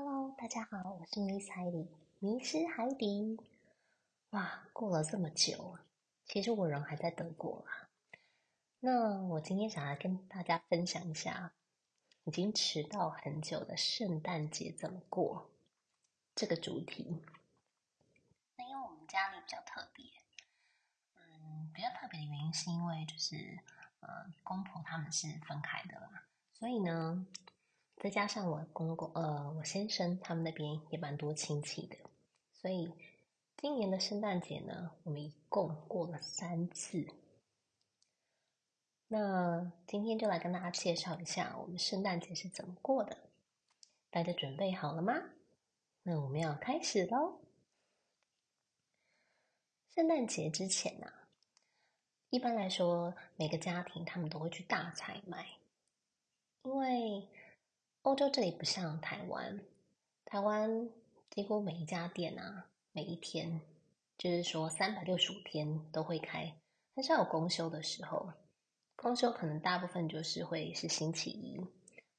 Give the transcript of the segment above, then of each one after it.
Hello，大家好，我是迷彩裡迷失海底。哇，過了這麼久啊，其實我人還在德國啊。那我今天想要跟大家分享一下，已經遲到很久的聖誕節怎麼過這個主題。那、嗯、因為我們家裡比較特別，嗯，比較特別的原因是因為就是，呃，公婆他們是分開的啦，所以呢。再加上我公公、呃，我先生他們那邊也蠻多親戚的，所以今年的聖誕節呢，我們一共過了三次。那今天就來跟大家介紹一下我們聖誕節是怎麼過的。大家準備好了嗎？那我們要開始嘍！聖誕節之前呢、啊，一般來說每個家庭他們都會去大採買，因為。歐洲這裡不像台灣，台灣幾乎每一家店啊，每一天，就是說三百六十五天都會開，很少有公休的時候。公休可能大部分就是會是星期一，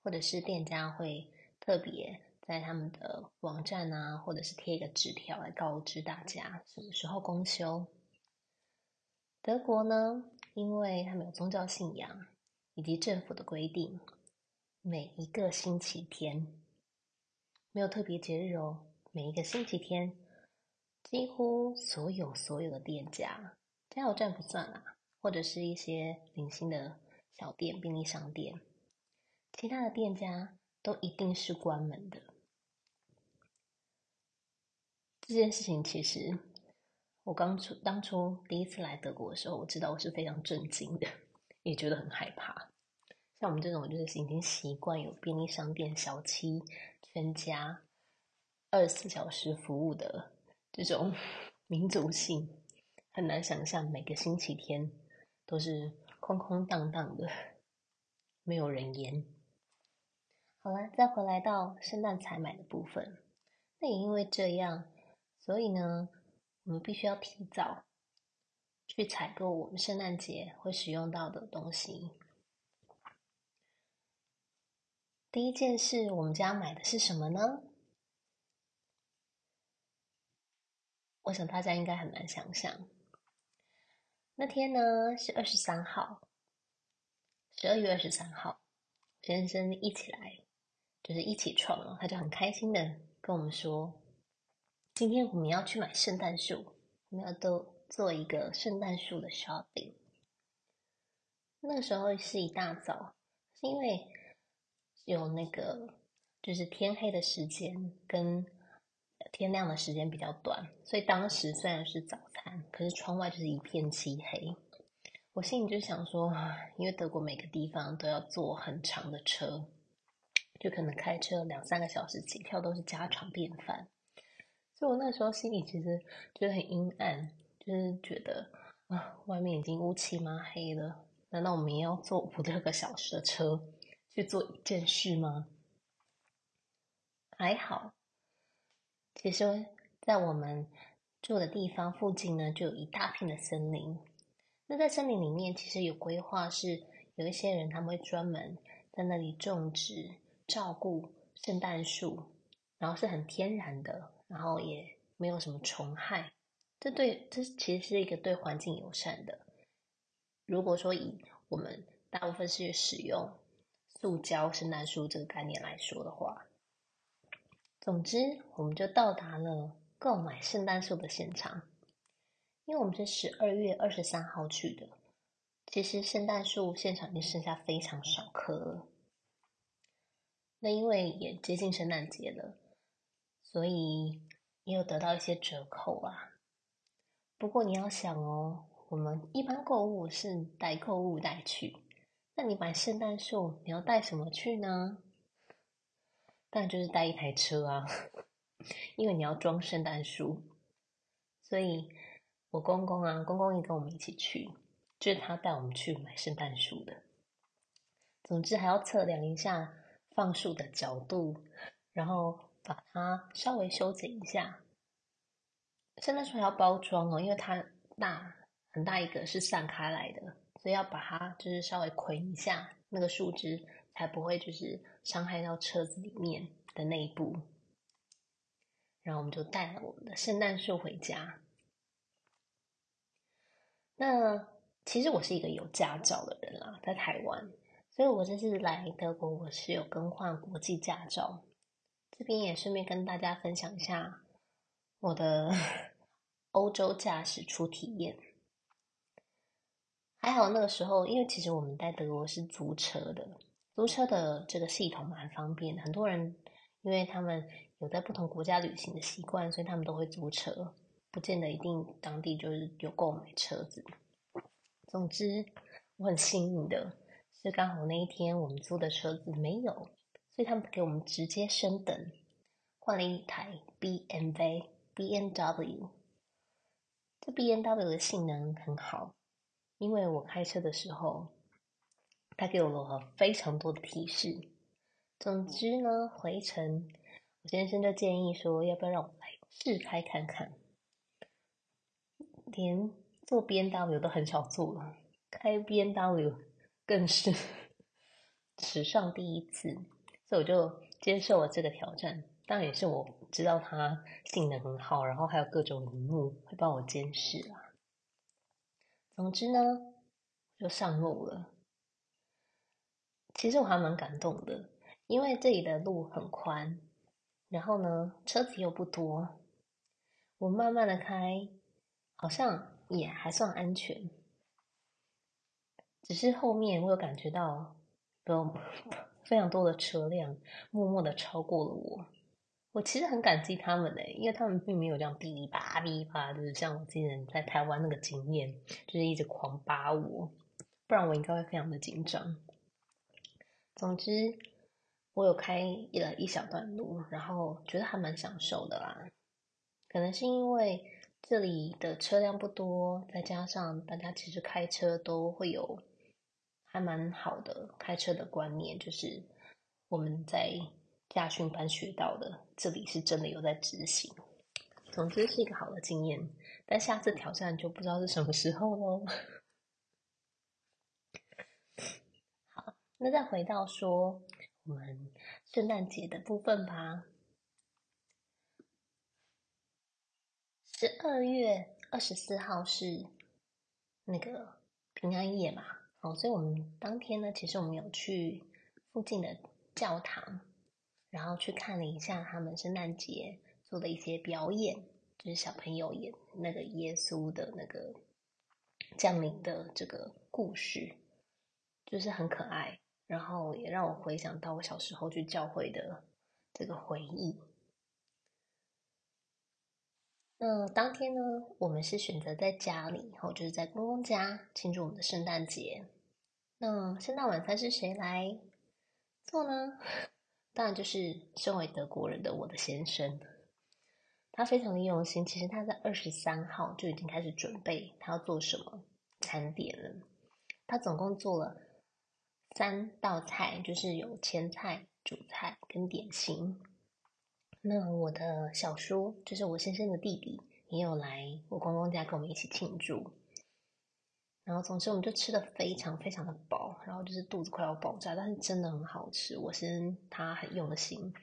或者是店家會特別在他們的網站啊，或者是貼一個紙條來告知大家什麼時候公休。德國呢，因為他們有宗教信仰以及政府的規定。每一個星期天沒有特別節日哦。每一個星期天，幾乎所有所有的店家，加油站不算啦、啊，或者是一些零星的小店、便利商店，其他的店家都一定是關門的。這件事情其實，我剛出當初第一次來德國的時候，我知道我是非常震驚的，也覺得很害怕。像我們這種，我就是已經習慣有便利商店、小七、全家，二十四小時服務的這種民族性，很難想象每個星期天都是空空蕩蕩的，沒有人煙。好啦，再回來到聖誕採買的部分，那也因為這樣，所以呢，我們必須要提早去採購我們聖誕節會使用到的東西。第一件事，我們家買的是什麼呢？我想大家應該很難想象。那天呢是二十三號，十二月二十三號，先生一起來，就是一起床，他就很開心的跟我們說：“今天我們要去買聖誕樹，我們要都做一個聖誕樹的 shopping。”那個時候是一大早，是因為。有那個，就是天黑的時間跟天亮的時間比較短，所以當時雖然是早餐，可是窗外就是一片漆黑。我心裡就想說，啊，因為德國每個地方都要坐很長的車，就可能開車兩三個小時起跳都是家常便飯。所以我那時候心裡其實就很陰暗，就是覺得啊，外面已經烏漆嘛黑了，難道我們也要坐五六個小時的車？去做一件事嗎？還好，其實，在我們住的地方附近呢，就有一大片的森林。那在森林裡面，其實有規劃，是有一些人他們會專門在那裡種植、照顧聖誕樹，然後是很天然的，然後也沒有什麼蟲害。這對，這其實是一個對環境友善的。如果說以我們大部分是使用。塑膠聖誕樹這個概念來說的話，總之我們就到達了購買聖誕樹的現場。因為我們是十二月二十三號去的，其實聖誕樹現場已經剩下非常少棵了。那因為也接近聖誕節了，所以也有得到一些折扣啊。不過你要想哦，我們一般購物是帶購物袋去。那你買聖誕樹，你要帶什麼去呢？當然就是帶一台車啊，因為你要裝聖誕樹。所以，我公公啊，公公也跟我們一起去，就是他帶我們去買聖誕樹的。總之還要測量一下放樹的角度，然後把它稍微修剪一下。聖誕樹還要包裝哦，因為它大，很大一個是散開來的。所以要把它就是稍微捆一下那個樹枝，才不會就是傷害到車子裡面的內部。然後我們就帶了我們的聖誕樹回家。那其實我是一個有駕照的人啦，在台灣，所以我這次來德國，我是有更換國際駕照。這邊也順便跟大家分享一下我的歐、嗯、 洲駕駛初體驗。還好那個時候，因為其實我們在德國是租車的，租車的這個系統蠻方便。很多人因為他們有在不同國家旅行的習慣，所以他們都會租車，不見得一定當地就是有購買車子。總之，我很幸運的是，剛好那一天我們租的車子沒有，所以他們給我們直接升等，換了一台 BMV BMW。這 BMW 的性能很好。因為我開車的時候，他給我了非常多的提示。總之呢，回程我先生就建議說，要不要讓我來試開看看？連坐 BMW 都很少坐了，開 BMW 更是史上第一次，所以我就接受了這個挑戰。當然也是我知道它性能很好，然後還有各種熒幕會幫我監視啊。總之呢，就上路了。其實我還蠻感動的，因為這裡的路很寬，然後呢，車子又不多，我慢慢的開，好像也還算安全。只是後面我有感覺到，有非常多的車輛默默的超過了我。我其實很感激他們呢、欸，因為他們並沒有這樣嗶哩叭嗶哩叭，就是像我今年在台灣那個經驗，就是一直狂扒我，不然我應該會非常的緊張。總之，我有開了一,一小段路，然後覺得還蠻享受的啦、啊。可能是因為這裡的車輛不多，再加上大家其實開車都會有還蠻好的開車的觀念，就是我們在。家訓班學到的，這裡是真的有在執行。總之是一個好的經驗，但下次挑戰就不知道是什麼時候嘍。 好，那再回到說我們聖誕節的部分吧。十二月二十四號是那個平安夜嘛？哦，所以我們當天呢，其實我們有去附近的教堂。然後去看了一下他們聖誕節做的一些表演，就是小朋友演那個耶穌的那個降臨的這個故事，就是很可愛。然後也讓我回想到我小時候去教會的這個回憶。那當天呢，我們是選擇在家裡，然後就是在公公家慶祝我們的聖誕節。那聖誕晚餐是誰來做呢？當然，就是身為德國人的我的先生，他非常的用心。其實他在二十三號就已經開始準備他要做什麼餐點了。他總共做了三道菜，就是有前菜、主菜跟點心。那我的小叔，就是我先生的弟弟，也有來我公公家跟我們一起慶祝。然後，總之，我們就吃得非常非常的飽，然後就是肚子快要爆炸，但是真的很好吃。我相信，他很用心，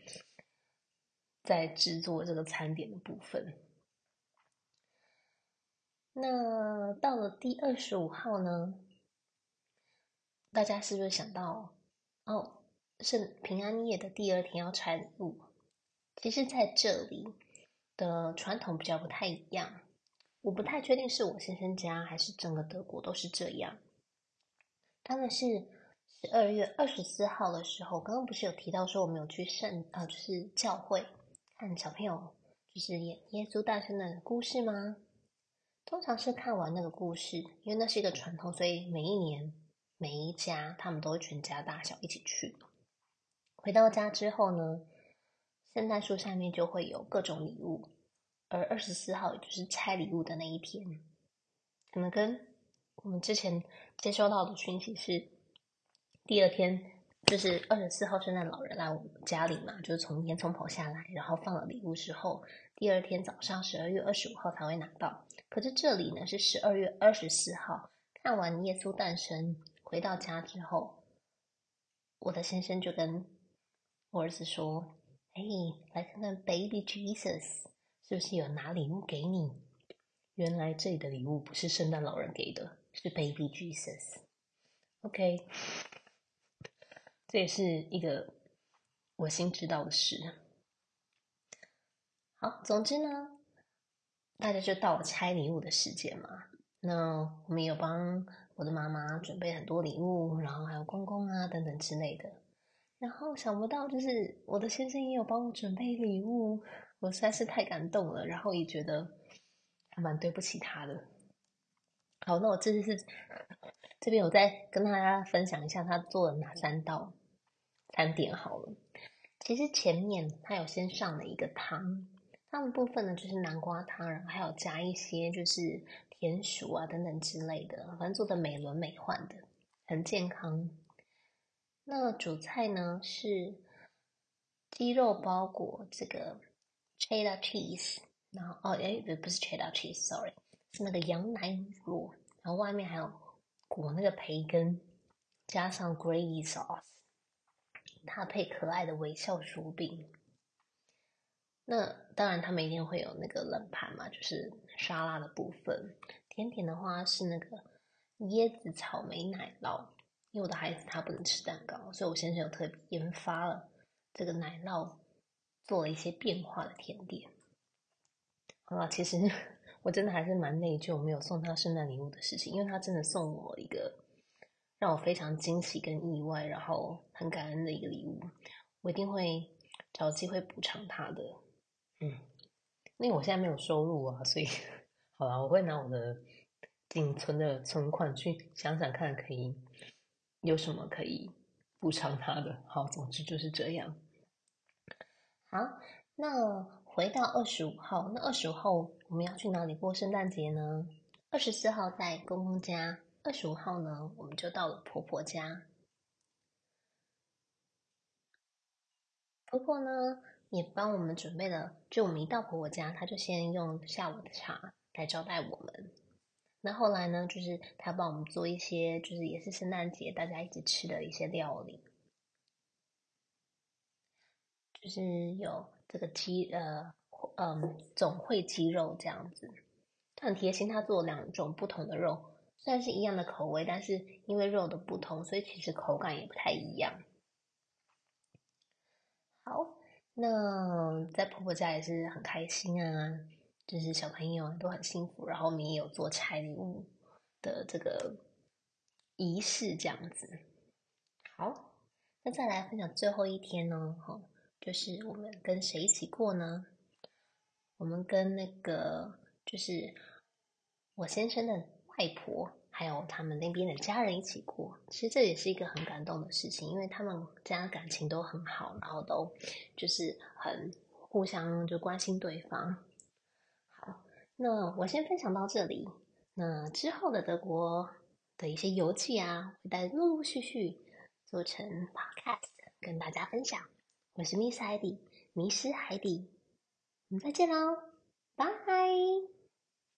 在製作這個餐點的部分。那到了第二十五號呢，大家是不是想到哦，是平安夜的第二天要拆禮物？其實，在這裡的傳統比較不太一樣。我不太確定是我先生家還是整個德國都是這樣。他們是十二月二十四號的時候，剛剛不是有提到說我們有去聖呃，就是教會看小朋友就是演耶穌誕生的故事嗎？通常是看完那個故事，因為那是一個傳統，所以每一年每一家他們都會全家大小一起去。回到家之後呢，聖誕樹下面就會有各種禮物。而二十四號也就是拆禮物的那一天，可能跟我們之前接收到的訊息是，第二天就是二十四號，聖誕老人來我們家裡嘛，就是從煙囪跑下來，然後放了禮物之後，第二天早上十二月二十五號才會拿到。可是這裡呢是十二月二十四號，看完耶穌誕生回到家之後，我的先生就跟我兒子說：“哎、欸，來看看 Baby Jesus。”就是有拿禮物給你，原來這裡的禮物不是聖誕老人給的，是 Baby Jesus。OK，這也是一個我新知道的事。好，總之呢，大家就到了拆禮物的時間嘛。那我們有幫我的媽媽準備很多禮物，然後還有公公啊等等之類的。然後想不到就是我的先生也有幫我準備禮物。我實在是太感動了，然後也覺得還蠻對不起他的。好，那我這次，就是，這邊我再跟大家分享一下他做了哪三道餐點好了。其實前面他有先上了一個湯，湯的部分呢就是南瓜湯，然後還有加一些就是甜薯啊等等之類的，反正做的美輪美奐的，很健康。那主菜呢是雞肉包裹這個 cheddar cheese，然後哦，哎、欸、不是 cheddar cheese，sorry，是那個羊奶酪，然後外面還有裹那個培根，加上 gray sauce，搭配可愛的微笑薯餅。那當然，他每天會有那個冷盤嘛，就是沙拉的部分。甜點的話是那個椰子草莓奶酪，因為我的孩子他不能吃蛋糕，所以我先生有特別研發了這個奶酪。做了一些變化的甜點。好啦，其實我真的還是蠻內疚，沒有送他聖誕禮物的事情，因為他真的送我一個讓我非常驚喜跟意外，然後很感恩的一個禮物，我一定會找機會補償他的。嗯，因為我現在沒有收入啊，所以好了，我會拿我的僅存的存款去想想看，可以有什麼可以補償他的。好，總之就是這樣。好、啊，那回到二十五號，那二十五號我們要去哪裡過聖誕節呢？二十四號在公公家，二十五號呢我們就到了婆婆家。婆婆呢也幫我們準備了，就我們一到婆婆家，她就先用下午的茶來招待我們。那後來呢，就是她幫我們做一些，就是也是聖誕節大家一起吃的一些料理。就是有這個雞呃嗯，總會雞肉這樣子。他很貼心，他做兩種不同的肉，雖然是一樣的口味，但是因為肉的不同，所以其實口感也不太一樣。好，那在婆婆家也是很開心啊，就是小朋友都很幸福，然後我們也有做拆禮物的這個儀式這樣子。好，那再來分享最後一天呢，就是我們跟誰一起過呢？我們跟那個就是我先生的外婆，還有他們那邊的家人一起過。其實這也是一個很感動的事情，因為他們家的感情都很好，然後都就是很互相就關心對方。好，那我先分享到這裡。那之後的德國的一些遊記啊，會再陸陸續續做成 podcast 跟大家分享。我是 Miss Heidi，迷失海底，我們再見嘍，拜。